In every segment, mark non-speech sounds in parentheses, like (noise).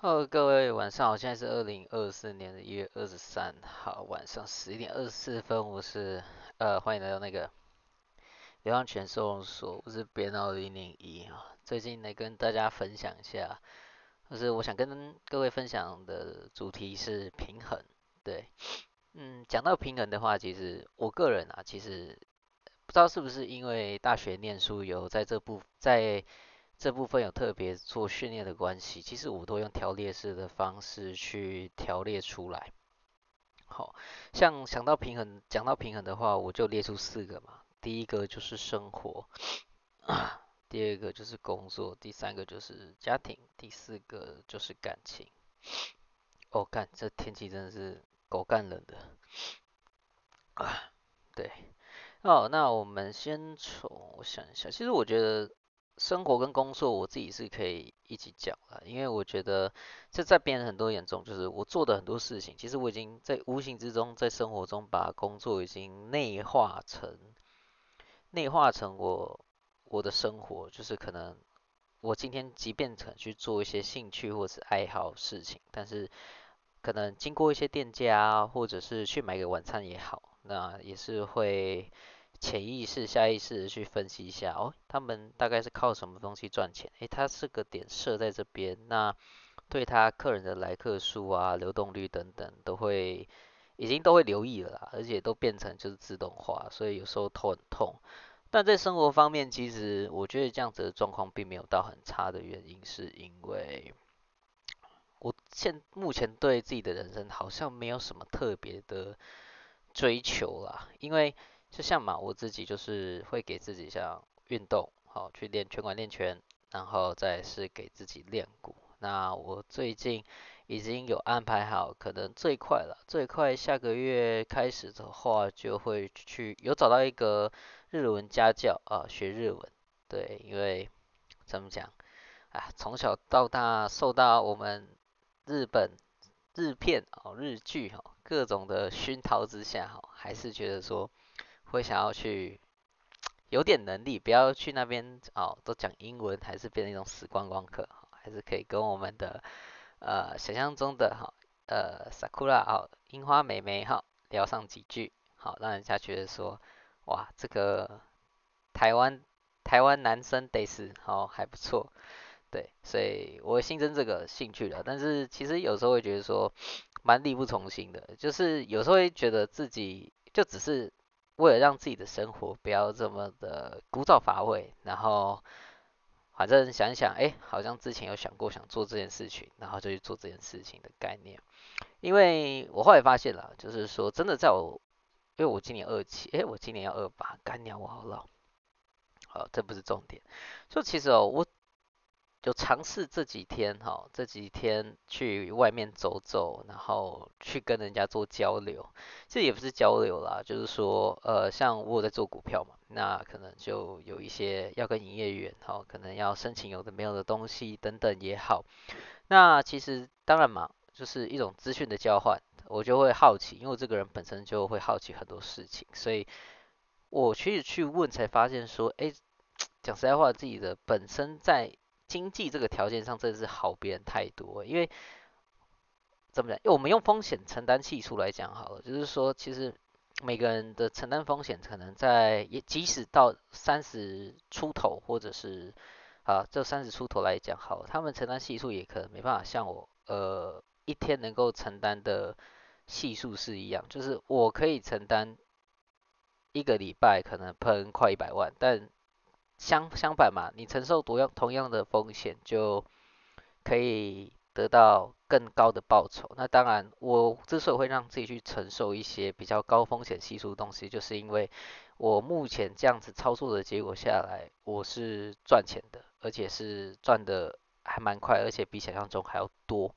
好、哦，各位晚上好，現在是二零二四年的一月二十三號晚上十一點二十四分，我是呃，歡迎來到那個流浪犬收容所，我是別鬧零零一啊。最近來跟大家分享一下，就是我想跟各位分享的主題是平衡，對，嗯，講到平衡的話，其實我個人啊，其實不知道是不是因為大學念書有在這部在。這部分有特別做訓練的關係，其實我都用條列式的方式去條列出來。好、哦，像想到平衡，講到平衡的話，我就列出四個嘛。第一個就是生活、啊，第二個就是工作，第三個就是家庭，第四個就是感情。哦，幹，這天氣真的是狗乾冷的。啊，對。哦，那我們先從，我想一下，其實我覺得。生活跟工作，我自己是可以一起講的。因為我覺得這在別人很多眼中，就是我做的很多事情，其實我已經在無形之中，在生活中把工作已經內化成內化成我我的生活，就是可能我今天即便可能去做一些興趣或者愛好事情，但是可能經過一些店家，或者是去買個晚餐也好，那也是會。潛意識、下意識的去分析一下，哦，他們大概是靠什麼東西賺錢？誒、欸，他是個點設在這邊，那對他客人的來客數啊、流動率等等，都會已經都會留意了啦，而且都變成就是自動化，所以有時候頭很痛。但在生活方面，其實我覺得這樣子的狀況並沒有到很差的原因，是因為我現目前對自己的人生好像沒有什麼特別的追求啦，因為。就像嘛，我自己就是會給自己像運動，好去練拳館練拳，然後再是給自己練鼓，那我最近已經有安排好，可能最快了，最快下個月開始的話就會去有找到一個日文家教啊，學日文。對，因為怎麼講啊，從小到大受到我們日本日片哦、日劇哈、哦、各種的熏陶之下哈、哦，還是覺得說。會想要去有點能力，不要去那邊哦，都講英文，還是變成一種死觀光客光，還是可以跟我們的呃想象中的哈、哦、呃，Sakura 哦，櫻花妹妹哈、哦、聊上幾句，好、哦、讓人家覺得說，哇，這個台灣台灣男生得是好還不錯，對，所以我會新增這個興趣的。但是其實有時候會覺得說蠻力不從心的，就是有時候會覺得自己就只是。為了讓自己的生活不要這麼的枯燥乏味，然後反正想一想，哎、欸，好像之前有想過想做這件事情，然後就去做這件事情的概念。因為我後來發現了，就是說真的在我，因為我今年二七，哎、欸，我今年要二八，幹掉我好老，好、哦，這不是重點。就其實哦，我。就嘗試這幾天哈，這幾天去外面走走，然後去跟人家做交流，這也不是交流啦，就是說，呃，像我有在做股票嘛，那可能就有一些要跟營業員哈，可能要申請有的沒有的東西等等也好。那其實當然嘛，就是一種資訊的交換，我就會好奇，因為我這個人本身就會好奇很多事情，所以我去去問才發現說，誒，講實在話，自己的本身在。經濟這個條件上真的是好別人太多，因為怎麼講？因為我們用風險承擔係數來講好了，就是說其實每個人的承擔風險可能在，也即使到三十出頭或者是啊，就三十出頭來講好，他們承擔係數也可能沒辦法像我，呃，一天能夠承擔的係數是一樣，就是我可以承擔一個禮拜可能噴快一百萬，但相相反嘛，你承受同樣同樣的風險，就可以得到更高的報酬。那當然，我之所以會讓自己去承受一些比較高風險系數的東西，就是因為我目前這樣子操作的結果下來，我是賺錢的，而且是賺得還蠻快，而且比想象中還要多。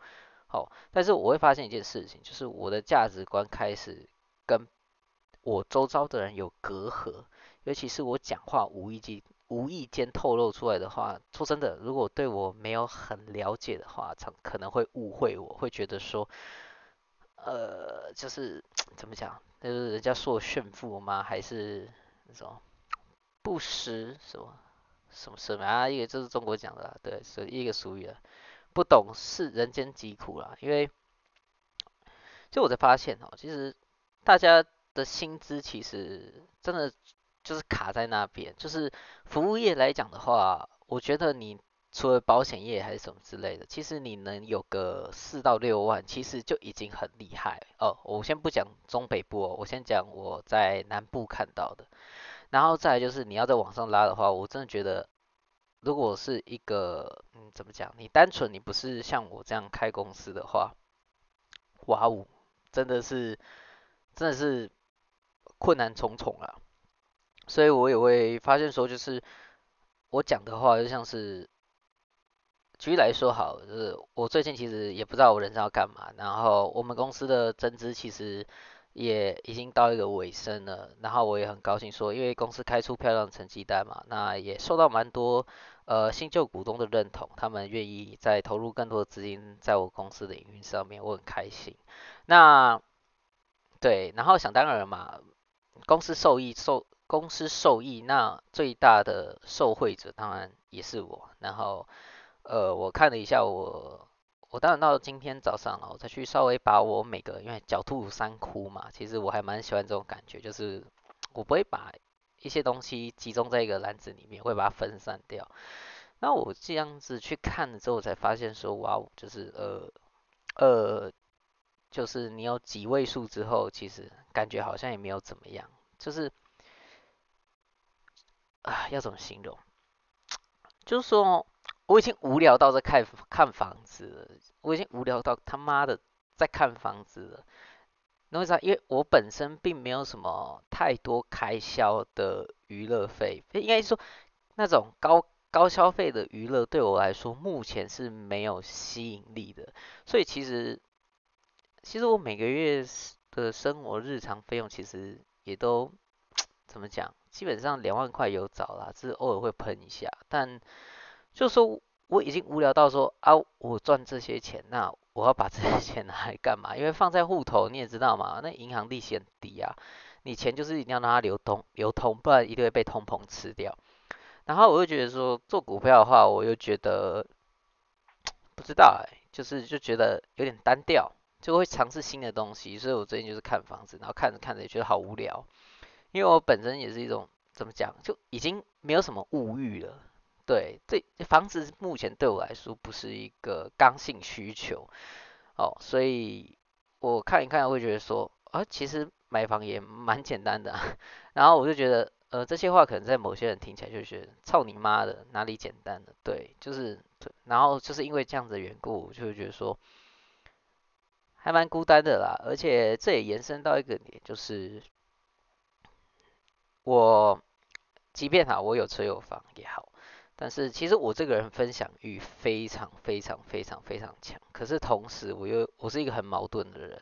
好、哦，但是我會發現一件事情，就是我的價值觀開始跟我周遭的人有隔閡，尤其是我講話無意間。無意間透露出來的話，說真的，如果對我沒有很了解的話，常可能會誤會我，會覺得說，呃，就是怎麼講，就是人家說我炫富嗎？還是那種不識什麼什麼什麼啊？一個就是中國講的啦，對，是一個俗語了，不懂是人間疾苦了。因為就我才發現哦，其實大家的薪資其實真的。就是卡在那邊，就是服務業來講的話，我覺得你除了保險業還是什麼之類的，其實你能有個四到六萬，其實就已經很厲害哦。我先不講中北部哦，我先講我在南部看到的，然後再來就是你要再往上拉的話，我真的覺得，如果是一個嗯，怎麼講？你單純你不是像我這樣開公司的話，哇嗚，哦，真的是真的是困難重重啊。所以我也會發現說，就是我講的話就像是舉例來說，好，就是我最近其實也不知道我人是要幹嘛。然後我們公司的增資其實也已經到一個尾聲了。然後我也很高興說，因為公司開出漂亮的成績單嘛，那也受到蠻多呃新舊股東的認同，他們願意再投入更多資金在我公司的營運上面，我很開心。那對，然後想當然嘛，公司受益受。公司受益，那最大的受惠者當然也是我。然後，呃，我看了一下我，我當然到今天早上了，我再去稍微把我每個，因為狡兔三窟嘛，其實我還蠻喜歡這種感覺，就是我不會把一些東西集中在一個籃子裡面，會把它分散掉。那我這樣子去看了之後才發現說，哇哦，就是呃呃，就是你有幾位數之後，其實感覺好像也沒有怎麼樣，就是。啊，要怎麼形容？就是說，我已經無聊到在看看房子了，我已經無聊到他媽的在看房子了。那為啥？因為我本身並沒有什麼太多開銷的娛樂費，應該說，那種高高消費的娛樂對我來說，目前是沒有吸引力的。所以其實，其實我每個月的生活日常費用其實也都。怎麼講？基本上兩萬塊有找啦，只是偶爾會噴一下。但就說我已經無聊到說啊，我賺這些錢，那我要把這些錢拿來幹嘛？因為放在戶頭你也知道嘛，那銀行利息很低啊。你錢就是一定要讓它流通，流通，不然一定會被通膨吃掉。然後我又覺得說做股票的話，我又覺得不知道哎、欸，就是就覺得有點單調，就會嘗試新的東西。所以我最近就是看房子，然後看着看着也覺得好無聊。因為我本身也是一種怎麼講，就已經沒有什麼物欲了，對，這房子目前對我來說不是一個剛性需求，哦，所以我看一看我會覺得說，啊，其實買房也蠻簡單的啊，然後我就覺得，呃，這些話可能在某些人聽起來就覺得操你媽的哪裡簡單了，對，就是對，然後就是因為這樣子的緣故，我就會覺得說，還蠻孤單的啦，而且這也延伸到一個點就是。我，即便哈，我有車有房也好，但是其實我這個人分享欲非常非常非常非常強。可是同時我又我是一個很矛盾的人，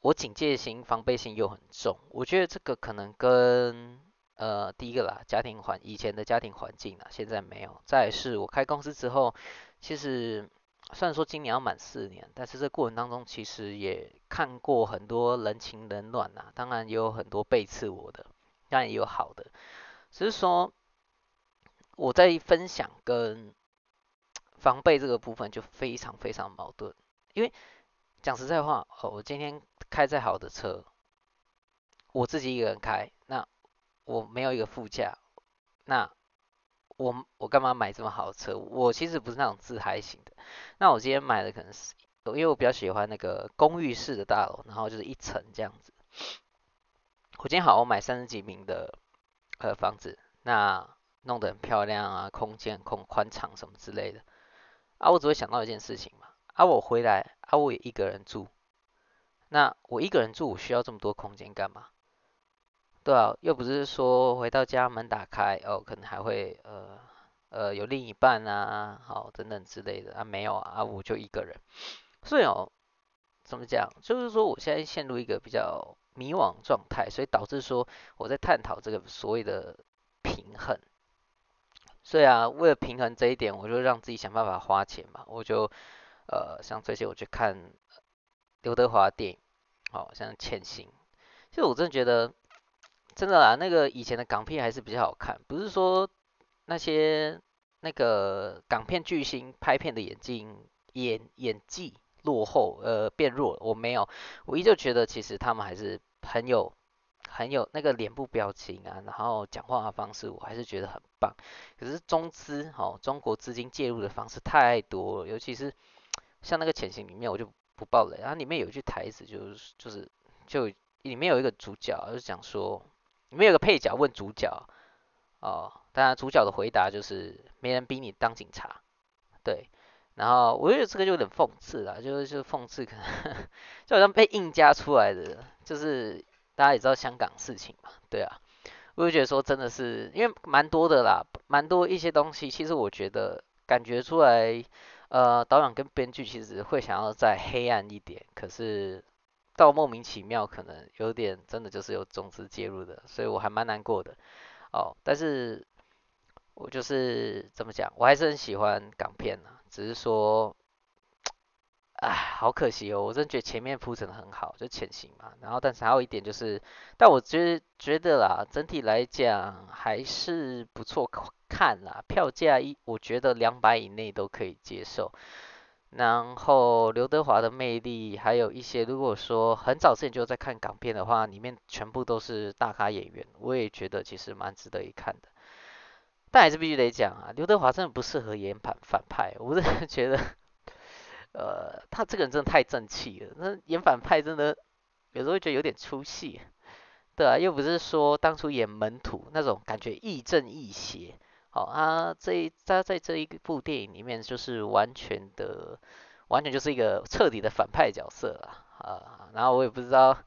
我警戒心防備心又很重。我覺得這個可能跟呃第一個啦，家庭環以前的家庭環境啊，現在沒有。再是我開公司之後，其實雖然說今年要滿四年，但是這個過程當中其實也看過很多人情冷暖啊。當然也有很多背刺我的。但也有好的，只、就是說我在分享跟防備這個部分就非常非常矛盾。因為講實在話，我今天開再好的車，我自己一個人開，那我沒有一個副駕，那我我幹嘛買這麼好的車？我其實不是那種自嗨型的。那我今天買的可能是因為我比較喜歡那個公寓式的大樓，然後就是一層這樣子。我今天好我買三十幾坪的呃房子，那弄得很漂亮啊，空間很寬敞什麼之類的啊，我只會想到一件事情嘛，啊我回來啊，我也一個人住，那我一個人住，我需要這麼多空間幹嘛？對啊，又不是說回到家門打開哦，可能還會呃呃有另一半啊，好等等之類的啊沒有啊，啊，我就一個人，所以哦怎麼講，就是說我現在陷入一個比較。迷惘狀態，所以導致說我在探討這個所謂的平衡。所以啊，為了平衡這一點，我就讓自己想辦法花錢嘛。我就呃，像最近我去看劉德華電影，好、哦、像《潛行》。其實我真的覺得，真的啊，那個以前的港片還是比較好看。不是說那些那個港片巨星拍片的演技、演技、演演技。落後，呃，變弱了，我沒有，我依舊覺得其實他們還是很有，很有那個臉部表情啊，然後講話的方式，我還是覺得很棒。可是中資，哦，中國資金介入的方式太多了，尤其是像那個潛行裡面，我就不爆了，然後裡面有一句台詞，就是就是就裡面有一個主角，就講說，裡面有個配角問主角，哦，當然主角的回答就是，沒人逼你當警察，對。然後我覺得這個就有點諷刺啦，就是就是諷刺，可能呵呵就好像被硬加出來的，就是大家也知道香港事情嘛，對啊。我就覺得說真的是，因為蠻多的啦，蠻多一些東西，其實我覺得感覺出來，呃，導演跟編劇其實會想要再黑暗一點，可是到莫名其妙，可能有點真的就是有種子介入的，所以我還蠻難過的。哦，但是我就是怎麼講，我還是很喜歡港片的啊。只是說，哎，好可惜哦！我真覺得前面鋪陳的很好，就潛行嘛。然後，但是還有一點就是，但我覺得覺得啦，整體來講還是不錯看啦。票價一，我覺得兩百以內都可以接受。然後劉德華的魅力，還有一些，如果說很早之前就在看港片的話，裡面全部都是大咖演員，我也覺得其實蠻值得一看的。但還是必須得講啊，劉德華真的不適合演反反派，我真的覺得，呃，他這個人真的太正氣了。那演反派真的有時候會覺得有點出戲，對啊，又不是說當初演門徒那種感覺亦正亦邪。好、哦，他、啊、這一他在這一部電影裡面就是完全的，完全就是一個徹底的反派的角色啊。然後我也不知道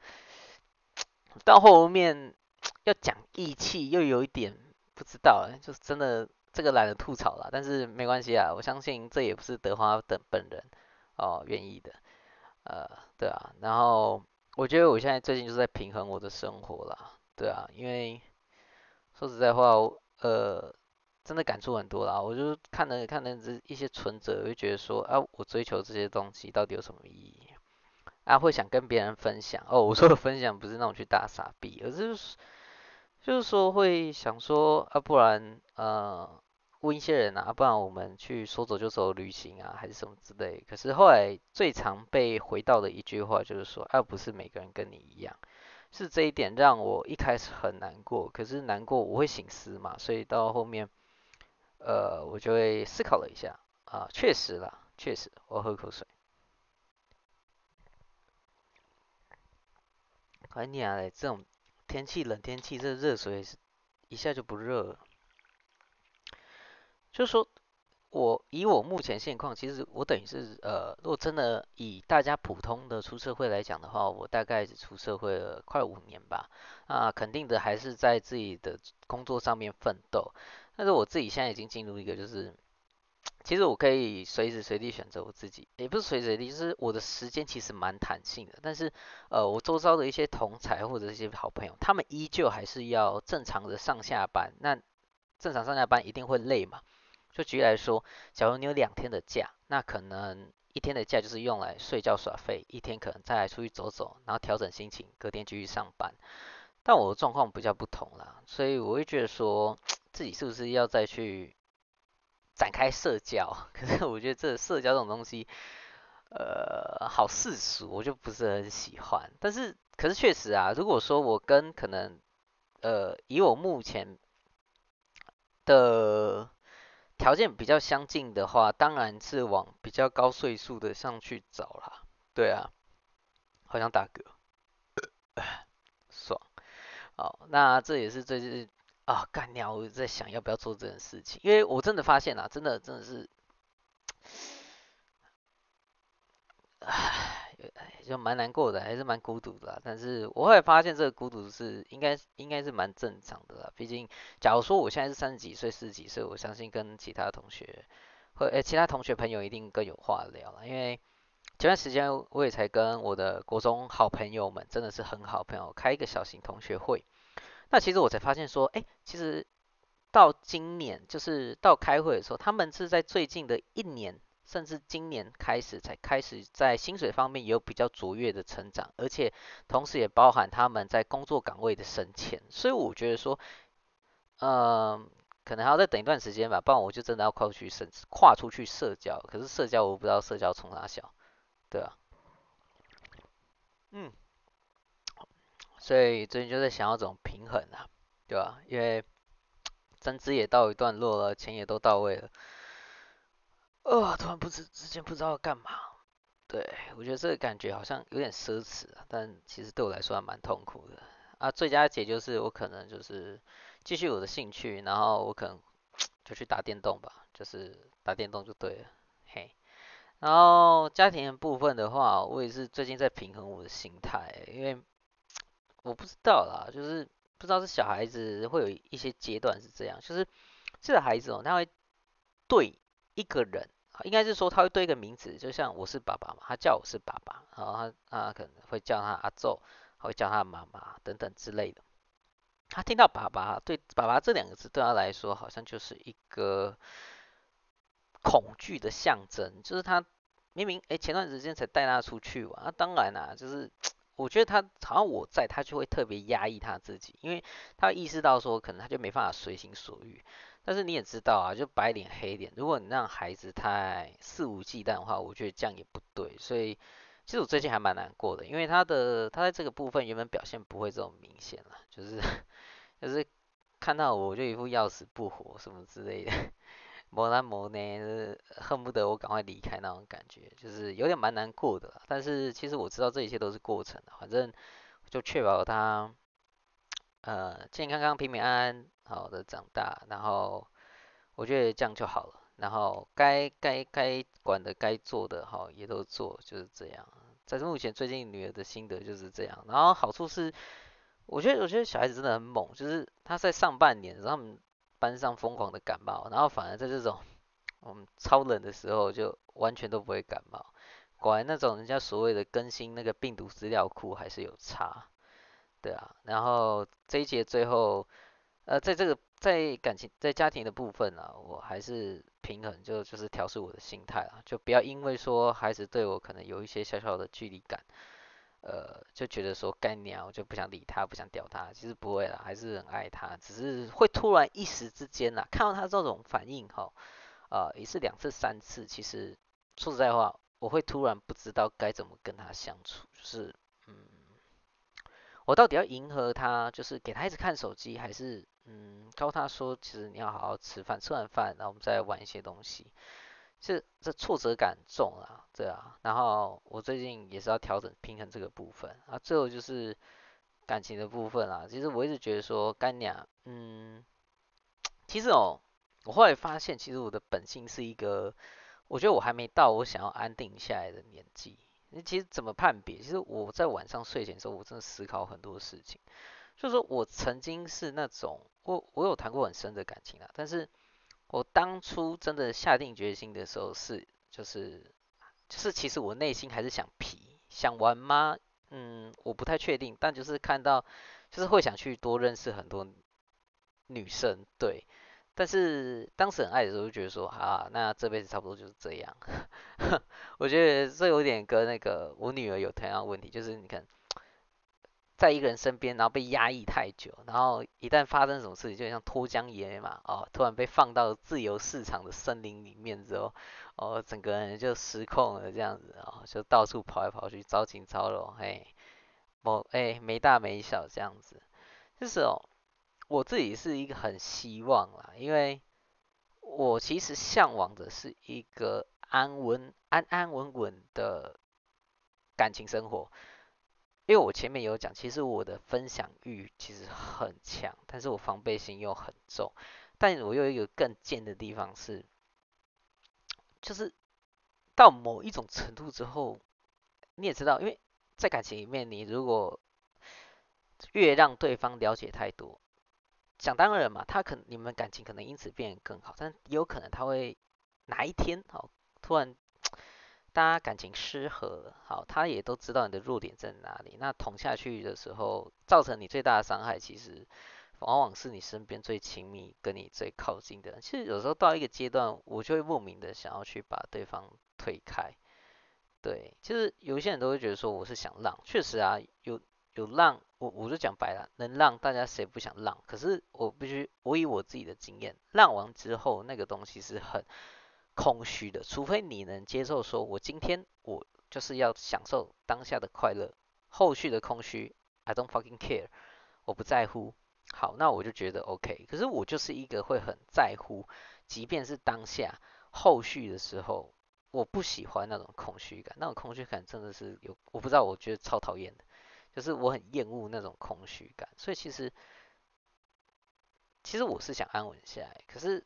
到後面要講義氣又有一點，不知道、欸，就是真的，這個懶得吐槽了。但是沒關係啊，我相信這也不是德華的本人哦願意的。呃，對啊，然後我覺得我現在最近就是在平衡我的生活了，對啊，因為說實在話，呃，真的感觸很多啦。我就看了看了這一些存折，我就覺得說啊，我追求這些東西到底有什麼意義？啊，會想跟別人分享。哦，我說的分享不是那種去大傻逼，而是，就是就是說會想說啊，不然呃問一些人啊，啊不然我們去說走就走旅行啊，還是什麼之類。可是後來最常被回到的一句話就是說，啊，不是每個人跟你一樣，是這一點讓我一開始很難過。可是難過我會省思嘛，所以到後面，呃，我就會思考了一下啊，確實啦，確實，我要喝口水，關鍵啊，這種。天氣冷，天氣熱，熱水一下就不熱了。就說，我以我目前現況，其實我等於是呃，如果真的以大家普通的出社會來講的話，我大概出社會了快五年吧。啊、呃，肯定的還是在自己的工作上面奮鬥。但是我自己現在已經進入一個就是。其實我可以隨時隨地選擇我自己，也不是隨時隨地，就是我的時間其實蠻彈性的。但是，呃，我周遭的一些同儕或者一些好朋友，他們依舊還是要正常的上下班。那正常上下班一定會累嘛，就舉例來說，假如你有兩天的假，那可能一天的假就是用來睡覺耍廢，一天可能再來出去走走，然後調整心情，隔天繼續上班。但我的狀況比較不同啦，所以我會覺得說自己是不是要再去，展開社交，可是我覺得這社交這種東西，呃，好世俗，我就不是很喜歡。但是，可是確實啊，如果說我跟可能，呃，以我目前的條件比較相近的話，當然是往比較高歲數的上去找啦。對啊，好想打嗝，爽。好，那這也是最近。啊，乾掉！我在想要不要做這件事情，因為我真的發現了、啊，真的真的是，唉，就蠻難過的，還是蠻孤獨的啦。但是，我會發現這個孤獨是應該應該是蠻正常的啦。畢竟，假如說我現在是三十幾歲、四十幾歲，我相信跟其他同學會，誒、欸、其他同學朋友一定更有話聊啦。因為前段時間我也才跟我的國中好朋友們，真的是很好朋友，開一個小型同學會。那其實我才發現說，哎、欸，其實到今年，就是到開會的時候，他們是在最近的一年，甚至今年開始才開始在薪水方面有比較卓越的成長，而且同時也包含他們在工作崗位的升遷。所以我覺得說，嗯、呃，可能還要再等一段時間吧，不然我就真的要跨出去社跨出去社交。可是社交我不知道社交從哪小，對啊，嗯。所以最近就在想要怎麼平衡啊，對吧、啊？因為增資也到一段落了，錢也都到位了，呃，突然不知之前不知道要幹嘛。對，我覺得這個感覺好像有點奢侈、啊，但其實對我來說還蠻痛苦的。啊，最佳解就是我可能就是繼續我的興趣，然後我可能就去打電動吧，就是打電動就對了，嘿。然後家庭的部分的話，我也是最近在平衡我的心態、欸，因為。我不知道啦，就是不知道是小孩子會有一些階段是這樣，就是這個孩子哦，他會對一個人，應該是說他會對一個名字，就像我是爸爸嘛，他叫我是爸爸，然後他他可能會叫他阿宙，他會叫他媽媽等等之類的。他聽到爸爸對爸爸這兩個字對他來說好像就是一個恐懼的象徵，就是他明明哎前段時間才帶他出去玩。那當然啦，就是。我覺得他好像我在，他就會特別壓抑他自己，因為他意識到說，可能他就沒辦法隨心所欲。但是你也知道啊，就白臉黑臉，如果你讓孩子太肆無忌憚的話，我覺得這樣也不對。所以，其實我最近還蠻難過的，因為他的他在這個部分原本表現不會這麼明顯了，就是就是看到我就一副要死不活什麼之類的。磨難磨呢，恨不得我趕快離開那種感覺，就是有點蠻難過的。但是其實我知道這一切都是過程，反正就確保他呃健健康康、平平安安，好的長大。然後我覺得這樣就好了。然後該該該管的、該做的，哈，也都做，就是這樣。但是目前最近女兒的心得就是這樣。然後好處是，我覺得我覺得小孩子真的很猛，就是他在上半年，然後。班上瘋狂的感冒，然後反而在這種我們、嗯、超冷的時候就完全都不會感冒。果然那種人家所謂的更新那個病毒資料庫還是有差，對啊。然後這一集最後，呃，在這個在感情在家庭的部分啊，我還是平衡就就是調適我的心態啊，就不要因為說孩子對我可能有一些小小的距離感。呃，就覺得說該鳥，我就不想理他，不想屌他。其實不會啦，還是很愛他，只是會突然一時之間吶，看到他這種反應哈，啊、呃，一次、兩次、三次，其實說實在話，我會突然不知道該怎麼跟他相處，就是嗯，我到底要迎合他，就是給他一直看手機，還是嗯，告訴他說，其實你要好好吃飯，吃完飯然後我們再玩一些東西。是，這挫折感重啊，對啊。然後我最近也是要調整平衡這個部分啊。最後就是感情的部分啦。其實我一直覺得說乾娘，嗯，其實哦，我後來發現，其實我的本性是一個，我覺得我還沒到我想要安定下來的年紀。那其實怎麼判別？其實我在晚上睡前的時候，我真的思考很多事情。就是說我曾經是那種，我我有談過很深的感情啊，但是。我當初真的下定決心的時候是，就是，就是其實我內心還是想皮，想玩嗎？嗯，我不太確定。但就是看到，就是會想去多認識很多女生，對。但是當時很愛的時候，就覺得說，啊，那這輩子差不多就是這樣。 (laughs) 我覺得這有點跟那個我女兒有同樣的問題，就是你看。在一個人身邊，然後被壓抑太久，然後一旦發生什麼事情，就像脫韁野馬哦，突然被放到自由市場的森林裡面，之後哦，整個人就失控了，這樣子哦，就到處跑來跑去，招情招咯，嘿。我哎沒大沒小這樣子，就是哦，我自己是一個很希望啦，因為我其實向往的是一個安穩、安安穩穩的感情生活。因為我前面有講，其實我的分享欲其實很強，但是我防備心又很重，但我又有一個更賤的地方是，就是到某一種程度之後，你也知道，因為在感情裡面，你如果越讓對方了解太多，想當然嘛，他可能你們感情可能因此變得更好，但也有可能他會哪一天哦，然後突然。大家感情失和，好，他也都知道你的弱點在哪裡。那捅下去的時候，造成你最大的傷害，其實往往是你身邊最親密、跟你最靠近的人。其實有時候到一個階段，我就會莫名的想要去把對方推開。對，就是有一些人都會覺得說我是想讓，確實啊，有有讓，我我就講白了，能讓大家誰不想讓？可是我必須，我以我自己的經驗，讓完之後那個東西是很。空虛的，除非你能接受，說我今天我就是要享受當下的快樂，後續的空虛，I don't fucking care，我不在乎，好，那我就覺得 OK。可是我就是一個會很在乎，即便是當下，後續的時候，我不喜歡那種空虛感，那種空虛感真的是有，我不知道，我覺得超討厭的，就是我很厭惡那種空虛感，所以其實，其實我是想安穩下來，可是。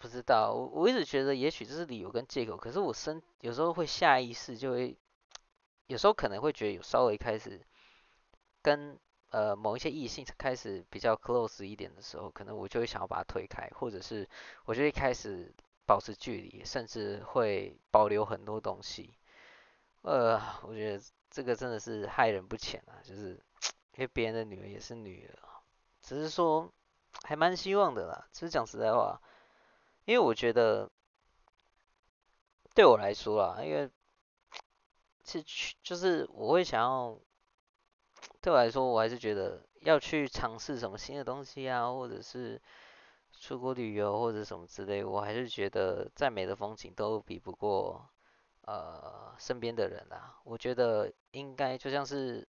不知道，我我一直覺得也許這是理由跟借口，可是我身有時候會下意識就會，有時候可能會覺得有稍微開始跟呃某一些異性開始比較 close 一點的時候，可能我就會想要把它推開，或者是我就會開始保持距離，甚至會保留很多東西。呃，我覺得這個真的是害人不淺啊，就是因為別人的女兒也是女兒，只是說還蠻希望的啦，只是講實在話。因為我覺得，對我來說啊，因為是去就是我會想要，對我來說，我還是覺得要去嘗試什麼新的東西啊，或者是出國旅遊或者什麼之類，我還是覺得再美的風景都比不過呃身邊的人啊，我覺得應該就像是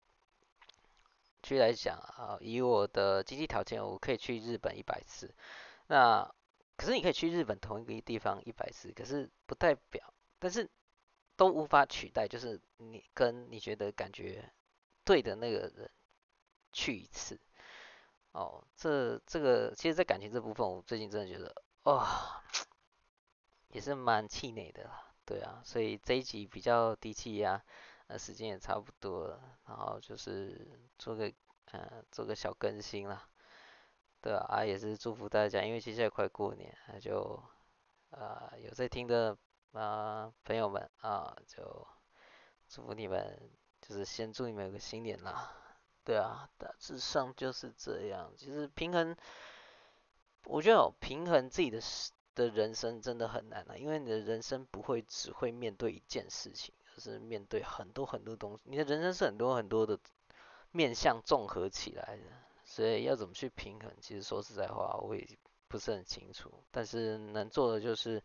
去來講啊，以我的經濟條件，我可以去日本一百次，那。可是你可以去日本同一個地方一百次，可是不代表，但是都無法取代，就是你跟你覺得感覺對的那個人去一次。哦，這這個其實，在感情這部分，我最近真的覺得，哇、哦，也是蠻氣餒的啦。對啊，所以這一集比較低氣壓，呃，時間也差不多了，然後就是做個呃做個小更新啦。對啊，啊，也是祝福大家，因為其實也快過年，那、啊、就，呃、啊，有在聽的啊朋友們啊，就祝福你們，就是先祝你們有個新年啦。對啊，大致上就是這樣。其實平衡，我覺得、哦、平衡自己的的人生真的很難啊，因為你的人生不會只會面對一件事情，而、就是面對很多很多東西。你的人生是很多很多的面向綜合起來的。所以要怎麼去平衡？其實說實在話，我也不是很清楚。但是能做的就是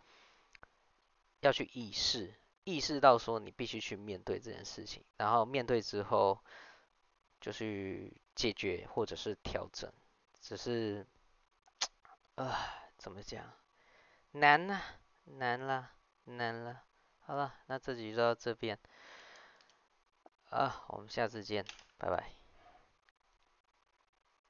要去意識，意識到說你必須去面對這件事情，然後面對之後就去解決或者是調整。只是啊、呃，怎麼講？難吶，難啦，難了。好了，那這集就到這邊啊，我們下次見，拜拜。